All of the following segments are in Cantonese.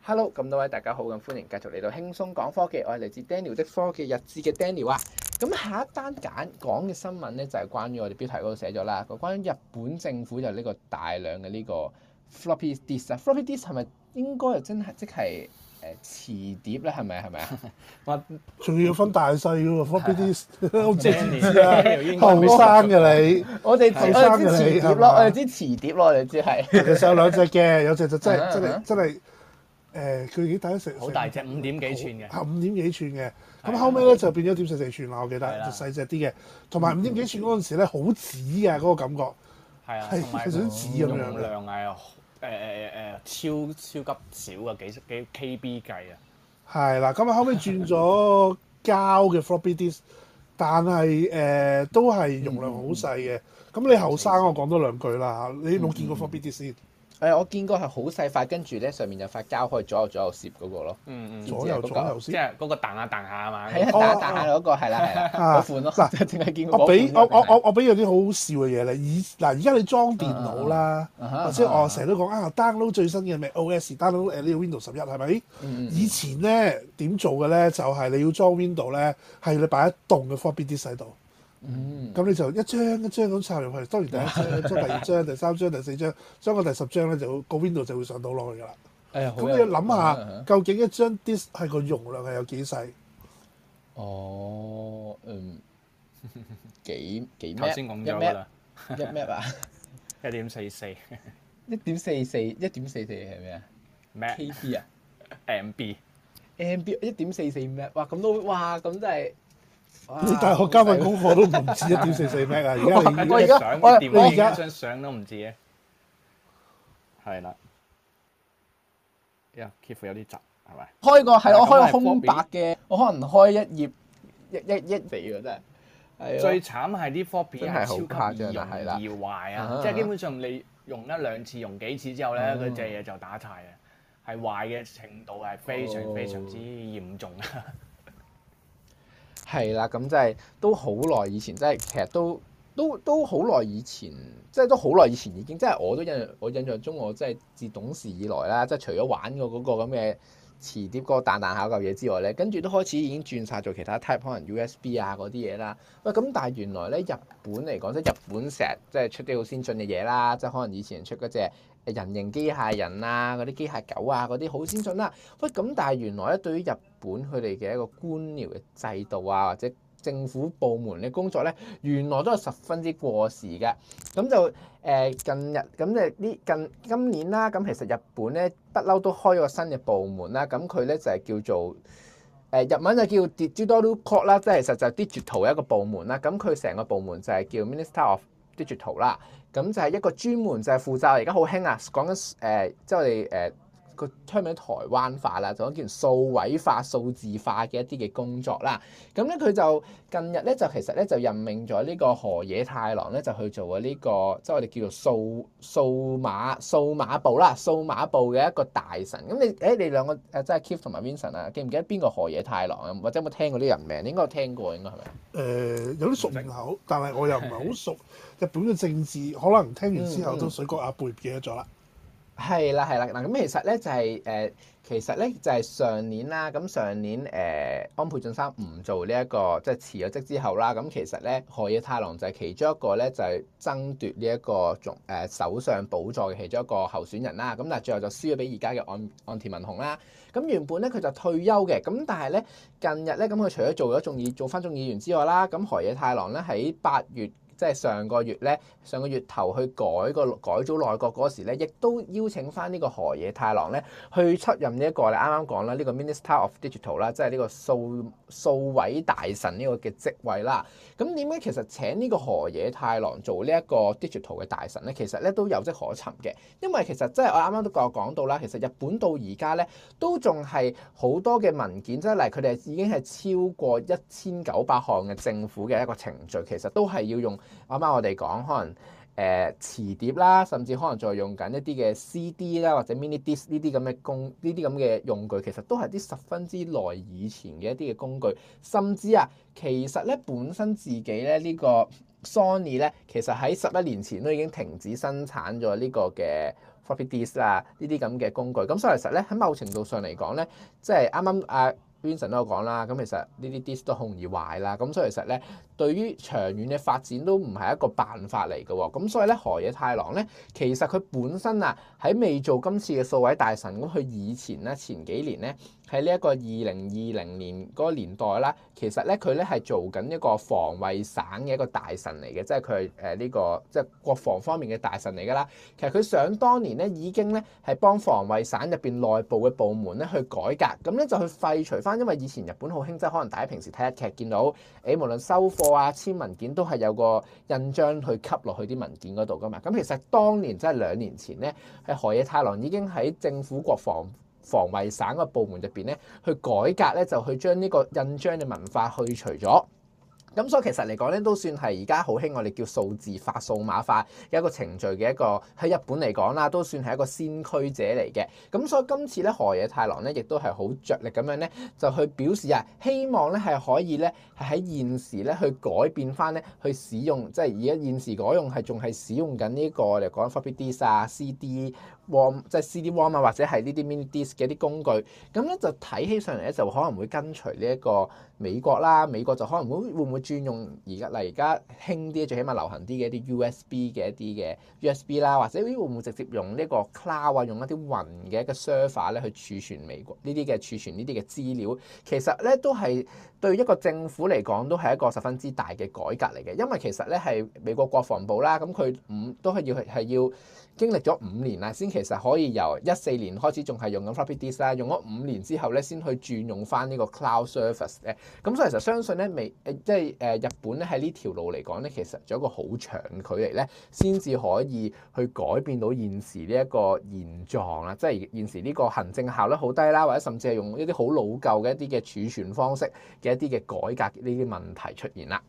Hello，咁多位大家好，咁歡迎繼續嚟到輕鬆講科技，我係嚟自 Daniel 的科技日誌嘅 Daniel 啊。咁下一單揀講嘅新聞咧，就係關於我哋標題嗰度寫咗啦，個關於日本政府就呢個大量嘅呢個 floppy disk 啊，floppy disk 係咪應該又真係即係？誒，磁碟咧，係咪係咪啊？我仲要分大細喎，分俾啲後生嘅你。我哋後生嘅你，我哋知磁碟咯，我哋啲磁碟咯，我哋知係。其實有兩隻嘅，有隻就真係真係真係誒，佢幾大一成？好大隻，五點幾寸嘅。五點幾寸嘅。咁後尾咧就變咗點四四寸啦，我記得就細隻啲嘅。同埋五點幾寸嗰陣時咧，好紫嘅嗰個感覺。係啊，係想紫咁樣。誒誒誒超，超級少嘅幾，幾 KB 計啊，係啦， 咁啊後尾轉咗膠嘅 floppy disk，但係誒、呃、都係容量好細嘅。咁、嗯、你後生，嗯、我講多兩句啦嚇，你有冇見過 floppy disk？嗯嗯係，我見過係好細塊，跟住咧上面有塊膠可以左右左右攝嗰個咯。左右左右攝，即係嗰個彈下彈下係嘛？係啊，彈下彈下嗰個係啦，嗰款咯。嗱，淨係見過。我俾我我我俾樣啲好好笑嘅嘢咧。以嗱而家你裝電腦啦，即係我成日都講啊，download 最新嘅咩 OS，download 誒呢個 Windows 十一係咪？以前咧點做嘅咧，就係你要裝 Window 咧，係你擺喺棟嘅房邊啲細度。嗯，咁你就一張一張咁插入去，當然第一張，咗第二張，第三張，第四張，將個第十張咧就個 window 就會上到落去噶啦。誒好、哎呦。咁你要諗下，啊、究竟一張 disk 係個容量係有幾細？哦，嗯，幾幾 meg？我先講咗啦。一咩？meg 啊！一點四四，一點四四，一點四四係咩啊？MB 啊？MB？MB 一點四四 meg 哇！咁都哇！咁真係～你哇大學交份功課壞 都唔止一點四四 MB 啊！而家你而家你而家上上都唔止咧，係啦，呀，幾乎有啲雜，係咪？是是開個係我開個空白嘅，嗯、我可能開一頁一一一嚟嘅，真係，最慘係啲 copy 係超級容易用易壞啊！即係基本上你用一兩次，用幾次之後咧，嗰隻嘢就打柴。啦，嗯，係壞嘅程度係非常非常之嚴重啊！係啦，咁就係、是、都好耐以，以前，即係其實都都都好耐以前，即係都好耐以前已經，即係我都印我印象中我，我即係自董事以來啦，即係除咗玩過嗰、那個咁嘅，那個磁碟嗰個蛋蛋考舊嘢之外咧，跟住都開始已經轉晒做其他 type，可能 USB 啊嗰啲嘢啦。喂，咁但係原來咧日本嚟講，即係日本成日即係出啲好先進嘅嘢啦，即係可能以前出嗰隻人形機械人啊，嗰啲機械狗啊，嗰啲好先進啦。喂，咁但係原來咧對於日本佢哋嘅一個官僚嘅制度啊，或者，政府部門嘅工作咧，原來都係十分之過時嘅。咁就誒近日咁即係呢近今年啦。咁其實日本咧不嬲都開咗個新嘅部門啦。咁佢咧就係叫做誒、呃、日文就叫 digital core 啦，即係其實就係 digital 嘅一個部門啦。咁佢成個部門就係叫 Minister of Digital 啦。咁就係一個專門就係負責而家好興啊，講緊誒即係我哋誒。呃個趨名台灣化啦，就做一件數位化、數字化嘅一啲嘅工作啦。咁咧佢就近日咧就其實咧就任命咗呢個河野太郎咧就去做啊、這、呢個即係我哋叫做數數碼數碼部啦，數碼部嘅一個大臣。咁你誒你兩個誒即係 Keith 同埋 Vincent 啊，cent，記唔記得邊個河野太郎啊？或者有冇聽過啲人名？應該聽過，應該係咪？誒、呃、有啲熟名口，但係我又唔係好熟。日本嘅政治的可能聽完之後、嗯嗯、都水過鴨背，記得咗啦。係啦，係啦，嗱咁其實咧就係誒，其實咧就係、是呃、上年啦，咁上年誒安倍晉三唔做呢、這、一個即係辭咗職之後啦，咁其實咧河野太郎就係其中一個咧就係爭奪呢一個總誒首相寶座嘅其中一個候選人啦，咁但係最後就輸咗俾而家嘅岸岸田文雄啦，咁原本咧佢就退休嘅，咁但係咧近日咧咁佢除咗做咗眾議做翻眾議員之外啦，咁河野太郎咧喺八月。即係上個月咧，上個月頭去改個改組內閣嗰時咧，亦都邀請翻呢個河野太郎咧去出任呢一個，你啱啱講啦，呢個 Minister of Digital 啦，即係呢個數數位大臣呢個嘅職位啦。咁點解其實請呢個河野太郎做呢一個 digital 嘅大臣咧？其實咧都有跡可尋嘅，因為其實即係我啱啱都講到啦，其實日本到而家咧都仲係好多嘅文件，即係例如佢哋已經係超過一千九百項嘅政府嘅一個程序，其實都係要用。啱啱我哋講可能誒、呃、磁碟啦，甚至可能再用緊一啲嘅 CD 啦，或者 mini disc 呢啲咁嘅工，呢啲咁嘅用具，其實都係啲十分之耐以前嘅一啲嘅工具。甚至啊，其實咧本身自己咧呢、這個 Sony 咧，其實喺十一年前都已經停止生產咗呢個嘅 floppy disk 啦，呢啲咁嘅工具。咁所以其實咧喺某程度上嚟講咧，即係啱啱啊～Vincent 都有講啦，咁其實呢啲 disk 都好容易壞啦，咁所以其實咧，對於長遠嘅發展都唔係一個辦法嚟嘅，咁所以咧，河野太郎咧，其實佢本身啊喺未做今次嘅數位大臣，咁佢以前咧前幾年咧。喺呢一個二零二零年嗰個年代啦，其實咧佢咧係做緊一個防衛省嘅一個大臣嚟嘅，即係佢係誒呢個即係、就是、國防方面嘅大臣嚟㗎啦。其實佢想當年咧已經咧係幫防衛省入邊內部嘅部門咧去改革，咁咧就去廢除翻，因為以前日本好興即係可能大家平時睇日劇見到，誒無論收貨啊、簽文件都係有個印章去吸落去啲文件嗰度㗎嘛。咁其實當年即係、就是、兩年前咧，係河野太郎已經喺政府國防。防衛省個部門入邊咧，去改革咧，就去將呢個印章嘅文化去除咗。咁所以其實嚟講咧，都算係而家好興我哋叫數字化、數碼化有一個程序嘅一個喺日本嚟講啦，都算係一個先驅者嚟嘅。咁所以今次咧，河野太郎咧，亦都係好着力咁樣咧，就去表示啊，希望咧係可以咧係喺現時咧去改變翻咧，去使用即係而家現時改用係仲係使用緊、這、呢個嚟講 floppy disk 啊、isa, CD。war 即係 CD war 啊，worm, 或者係呢啲 mini disc 嘅一啲工具，咁咧就睇起上嚟咧就可能會跟隨呢一個美國啦，美國就可能會會唔會轉用而家，例如而家興啲最起碼流行啲嘅一啲 USB 嘅一啲嘅 USB 啦，或者會唔會直接用呢個 cloud 啊，用一啲雲嘅一個 server 咧去儲存美國呢啲嘅儲存呢啲嘅資料？其實咧都係對一個政府嚟講都係一個十分之大嘅改革嚟嘅，因為其實咧係美國國防部啦，咁佢唔都係要去係要。經歷咗五年啦，先其實可以由一四年開始仲係用緊 floppy disk 啦，用咗五年之後咧，先去轉用翻呢個 cloud service 咧。咁所以其實相信咧，未即係誒日本咧喺呢條路嚟講咧，其實仲有一個好長嘅距離咧，先至可以去改變到現時呢一個現狀啦。即係現時呢個行政效率好低啦，或者甚至係用一啲好老舊嘅一啲嘅儲存方式嘅一啲嘅改革呢啲問題出現啦。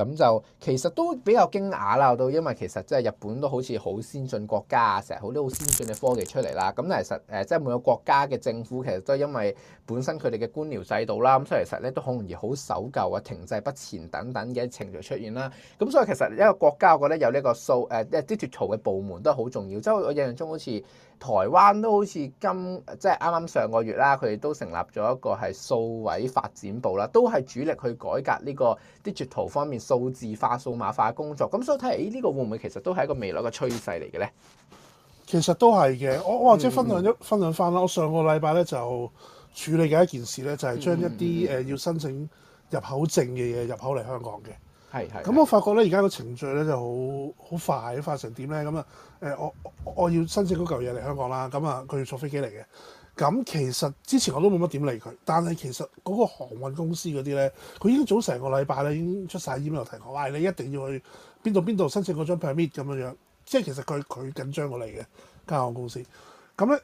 咁就其實都比較驚訝啦，我都因為其實即係日本都好似好先進國家啊，成日好多好先進嘅科技出嚟啦。咁其實誒，即係每個國家嘅政府其實都因為本身佢哋嘅官僚制度啦，咁所以其實咧都好容易好守舊啊、停滯不前等等嘅程序出現啦。咁所以其實一個國家我覺得有呢個數誒即係啲 digital 嘅部門都係好重要。即係我印象中好似。台灣都好似今即係啱啱上個月啦，佢哋都成立咗一個係數位發展部啦，都係主力去改革呢個 Digital 方面數字化、數碼化工作。咁所以睇嚟，呢、哎呢個會唔會其實都係一個未來嘅趨勢嚟嘅咧？其實都係嘅，我我即係分享咗、嗯、分享翻啦。我上個禮拜咧就處理緊一件事咧，就係將一啲誒要申請入口證嘅嘢入口嚟香港嘅。係咁我發覺咧，而家個程序咧就好好快，快成點咧？咁啊，誒、呃，我我要申請嗰嚿嘢嚟香港啦。咁啊，佢要坐飛機嚟嘅。咁其實之前我都冇乜點理佢，但係其實嗰個航運公司嗰啲咧，佢已經早成個禮拜咧，已經出晒 email 提我，話、哎、你一定要去邊度邊度申請嗰張 permit 咁樣樣。即係其實佢佢緊張過我嚟嘅，間航空公司。咁咧。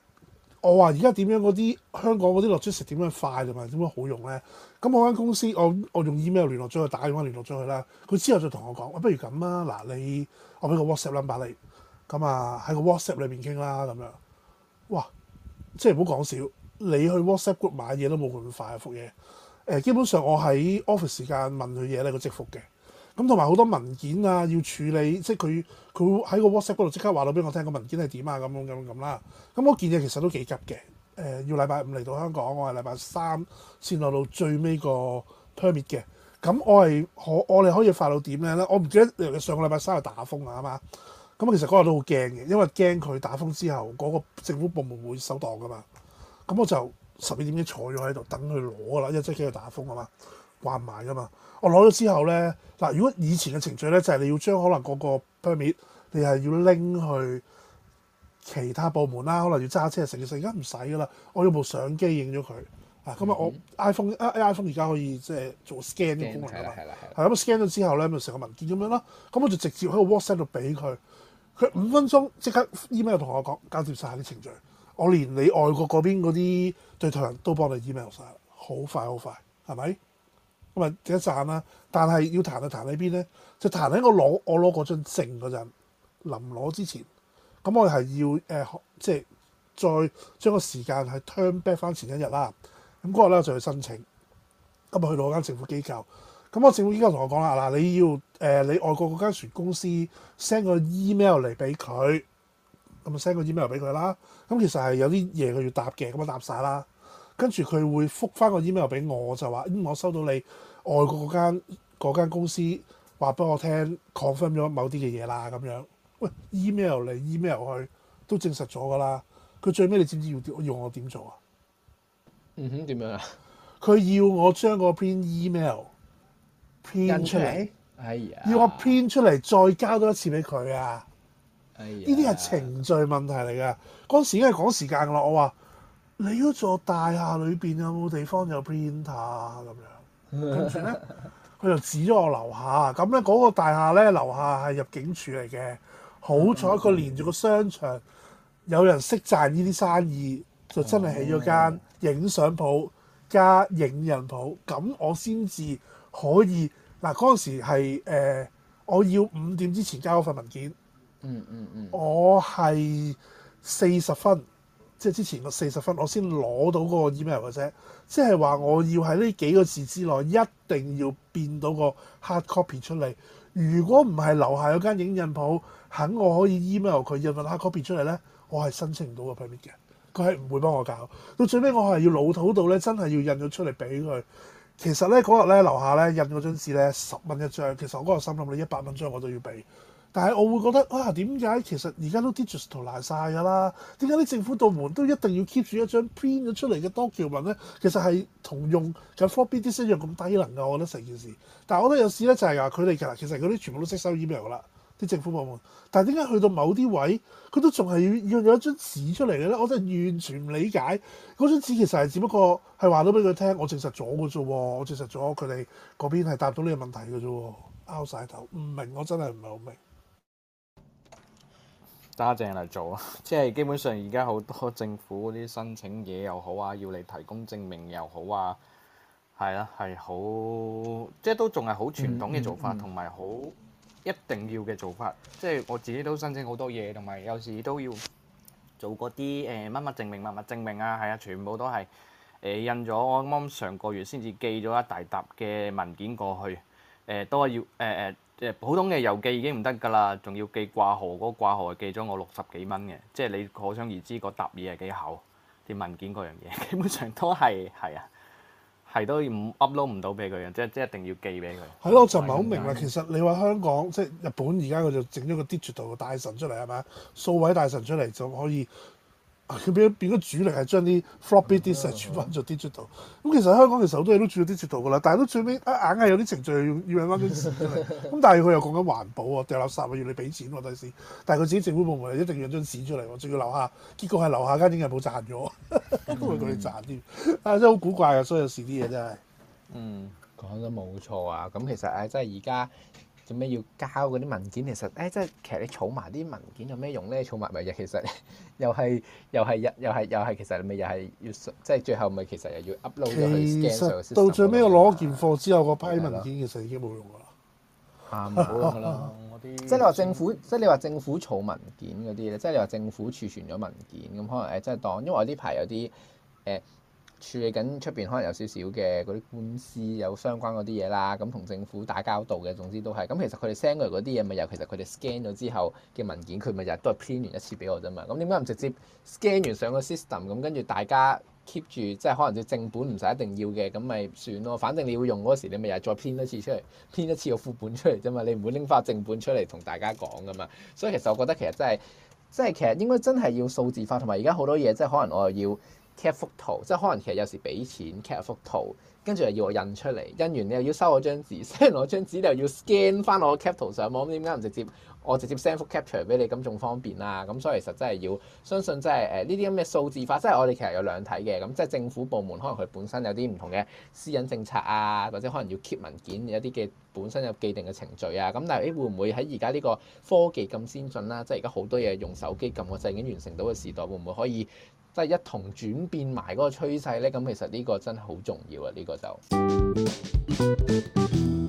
我話而家點樣嗰啲香港嗰啲 logistics 點樣快同埋點樣好用咧？咁我間公司我我用 email 聯絡咗佢，打電話聯絡咗佢啦。佢之後就同我講：不如咁啊，嗱你我俾個 WhatsApp number 你，咁啊喺個 WhatsApp 裏邊傾啦咁樣。哇！即係唔好講少，你去 WhatsApp group 買嘢都冇咁快覆、啊、嘢。誒、呃，基本上我喺 office 時間問佢嘢咧，佢即覆嘅。咁同埋好多文件啊，要處理，即係佢佢喺個 WhatsApp 嗰度即刻話到俾我聽，個文件係點啊，咁樣咁樣咁啦。咁我件嘢其實都幾急嘅，誒、呃，要禮拜五嚟到香港，我係禮拜三先攞到最尾個 permit 嘅。咁我係可我哋可以發到點咧？我唔記得上個禮拜三係打風啊嘛。咁啊，其實嗰日都好驚嘅，因為驚佢打風之後嗰、那個政府部門會收檔噶嘛。咁我就十二點幾坐咗喺度等佢攞啦，因為即係要打風啊嘛。話埋㗎嘛！我攞咗之後咧嗱，如果以前嘅程序咧，就係、是、你要將可能嗰個 permit 你係要拎去其他部門啦、啊，可能要揸車成成，而家唔使㗎啦。我用部相機影咗佢啊，咁啊、嗯嗯，我 iPhone iPhone 而家可以即係做 sc scan 啲功能啊嘛，係咁 scan 咗之後咧，咪成個文件咁樣咯。咁我就直接喺個 WhatsApp 度俾佢，佢五分鐘即刻 email 同我講交接晒啲程序。我連你外國嗰邊嗰啲對頭人都幫你 email 晒。」好快好快，係咪？咁啊，值得讚啦！但係要彈就彈喺邊咧？就彈喺我攞我攞嗰張證嗰陣，臨攞之前，咁我係要誒、呃、即係再將個時間係 turn back 翻前一、那個、日啦。咁嗰日咧就去申請，咁日去攞間政府機構。咁、那、我、個、政府機構同我講啦，嗱你要誒、呃、你外國嗰間船公司 send 個 email 嚟俾佢，咁 send 個 email 俾佢啦。咁其實係有啲嘢佢要答嘅，咁我答晒啦。跟住佢會覆返個 email 俾我，就話：咁、嗯、我收到你外國嗰間嗰間公司話俾我聽，confirm 咗某啲嘅嘢啦，咁樣。喂，email 嚟 email 去都證實咗噶啦。佢最尾你知唔知要，要我我點做啊？嗯哼，點樣啊？佢要我將個篇 email 編着出嚟來，哎呀！要我編出嚟再交多一次俾佢啊！哎呀，呢啲係程序問題嚟嘅。嗰時已經係趕時間咯，我話。你嗰座大廈裏邊有冇地方有 printer 咁、啊、樣？跟住咧，佢就指咗我樓下。咁咧，嗰個大廈咧，樓下係入境處嚟嘅。好彩佢連住個商場，嗯嗯，有人識賺呢啲生意，就真係起咗間影相鋪加影印鋪。咁我先至可以嗱嗰陣時係、呃、我要五點之前交份文件。嗯嗯嗯，我係四十分。即係之前個四十分，我先攞到嗰個 email 嘅啫。即係話我要喺呢幾個字之內，一定要變到個 hard copy 出嚟。如果唔係，樓下有間影印鋪肯我可以 email 佢印份 hard copy 出嚟咧，我係申請唔到個 permit 嘅。佢係唔會幫我搞。到最尾我係要老土到咧，真係要印咗出嚟俾佢。其實咧，嗰日咧，樓下咧印嗰張紙咧，十蚊一張。其實我嗰個心諗，你一百蚊張我都要俾。但係我會覺得啊，哎，點解其實而家都 digital 化曬㗎啦？點解啲政府部門都一定要 keep 住一張 print 咗出嚟嘅 document 咧？其實係同用 floppy disk 一樣咁低能㗎，我覺得成件事。但係我覺得有時咧就係話佢哋其實其實嗰啲全部都識收 email 㗎啦，啲政府部門。但係點解去到某啲位，佢都仲係要用咗一張紙出嚟嘅咧？我真係完全唔理解。嗰張紙其實係只不過係話到俾佢聽，我證實咗㗎啫喎，我證實咗佢哋嗰邊係答到呢個問題㗎啫喎，拗晒頭，唔明我真係唔係好明。揸正嚟做啊！即係基本上而家好多政府嗰啲申請嘢又好啊，要你提供證明又好啊，係啊，係好，即係都仲係好傳統嘅做法，同埋好一定要嘅做法。即係我自己都申請好多嘢，同埋有時都要做嗰啲誒乜乜證明、乜乜證明啊，係啊，全部都係、呃、印咗。我啱啱上個月先至寄咗一大沓嘅文件過去。誒、欸、都係要誒誒誒普通嘅郵寄已經唔得㗎啦，仲要寄掛號嗰個掛號，寄咗我六十幾蚊嘅，即係你可想而知嗰沓嘢係幾厚啲文件嗰樣嘢，基本上都係係啊，係都 upload 唔到俾佢嘅，即係即係一定要寄俾佢。係咯、啊，就唔係好明白，啊、其實你話香港即係日本而家佢就整咗個 digital 嘅大神出嚟係咪啊？數位大神出嚟就可以。佢變變咗主力係將啲 floppy disk 啲嘢轉翻咗做 digital 咁其實香港其實好多嘢都轉咗做 digital 㗎啦，但係都最尾一硬係有啲程序要要揾翻張紙出嚟。咁 但係佢又講緊環保啊，掉垃圾啊要你俾錢喎第時，但係佢自己政府部門一定要張紙出嚟喎，仲要留下，結果係留下間應人冇賺咗，都係講你賺啲，啊真係好古怪啊，所以有時啲嘢真係，嗯講得冇錯啊，咁其實誒、啊、即係而家。做咩要交嗰啲文件？其實，誒、欸，即係其實你儲埋啲文件有咩用咧？儲埋咪又其實又係又係又又係又係，其實咪又係要即係最後咪其實又要 upload 咗去。其實有到最尾我攞件貨之後，個批、啊、了文件其實已經冇用噶啦。嚇！冇用噶啦，即係你話政府， 即係你話政府儲文件嗰啲咧，即係你話政府儲存咗文件咁，可能誒即係當，因為我呢排有啲誒。呃呃處理緊出面可能有少少嘅嗰啲官司有相關嗰啲嘢啦，咁同政府打交道嘅，總之都係咁。其實佢哋 send 過嚟嗰啲嘢，咪又其實佢哋 scan 咗之後嘅文件，佢咪日日都係編完一次俾我啫嘛。咁點解唔直接 scan 完上個 system 咁，跟住大家 keep 住，即係可能啲正本唔使一定要嘅，咁咪算咯。反正你要用嗰時，你咪日再編一次出嚟，編一次個副本出嚟啫嘛。你唔會拎翻正本出嚟同大家講㗎嘛。所以其實我覺得其實真係，即係其實應該真係要數字化，同埋而家好多嘢即係可能我又要。幅圖，photo, 即係可能其實有時俾錢 c a p t u 幅圖，跟住又要我印出嚟，印完你又要收我張紙，收完我張紙你又要 scan 翻我 capture 上網，點解唔直接我直接 send 幅 capture 俾你咁仲方便啦？咁所以其實真係要相信真係誒呢啲咁嘅數字化，即係我哋其實有兩體嘅，咁即係政府部門可能佢本身有啲唔同嘅私隱政策啊，或者可能要 keep 文件有啲嘅本身有既定嘅程序啊，咁但係誒、欸、會唔會喺而家呢個科技咁先進啦？即係而家好多嘢用手機撳，我就已經完成到嘅時代，會唔會可以？即係一同轉變埋嗰個趨勢咧，咁其實呢個真係好重要啊！呢個就。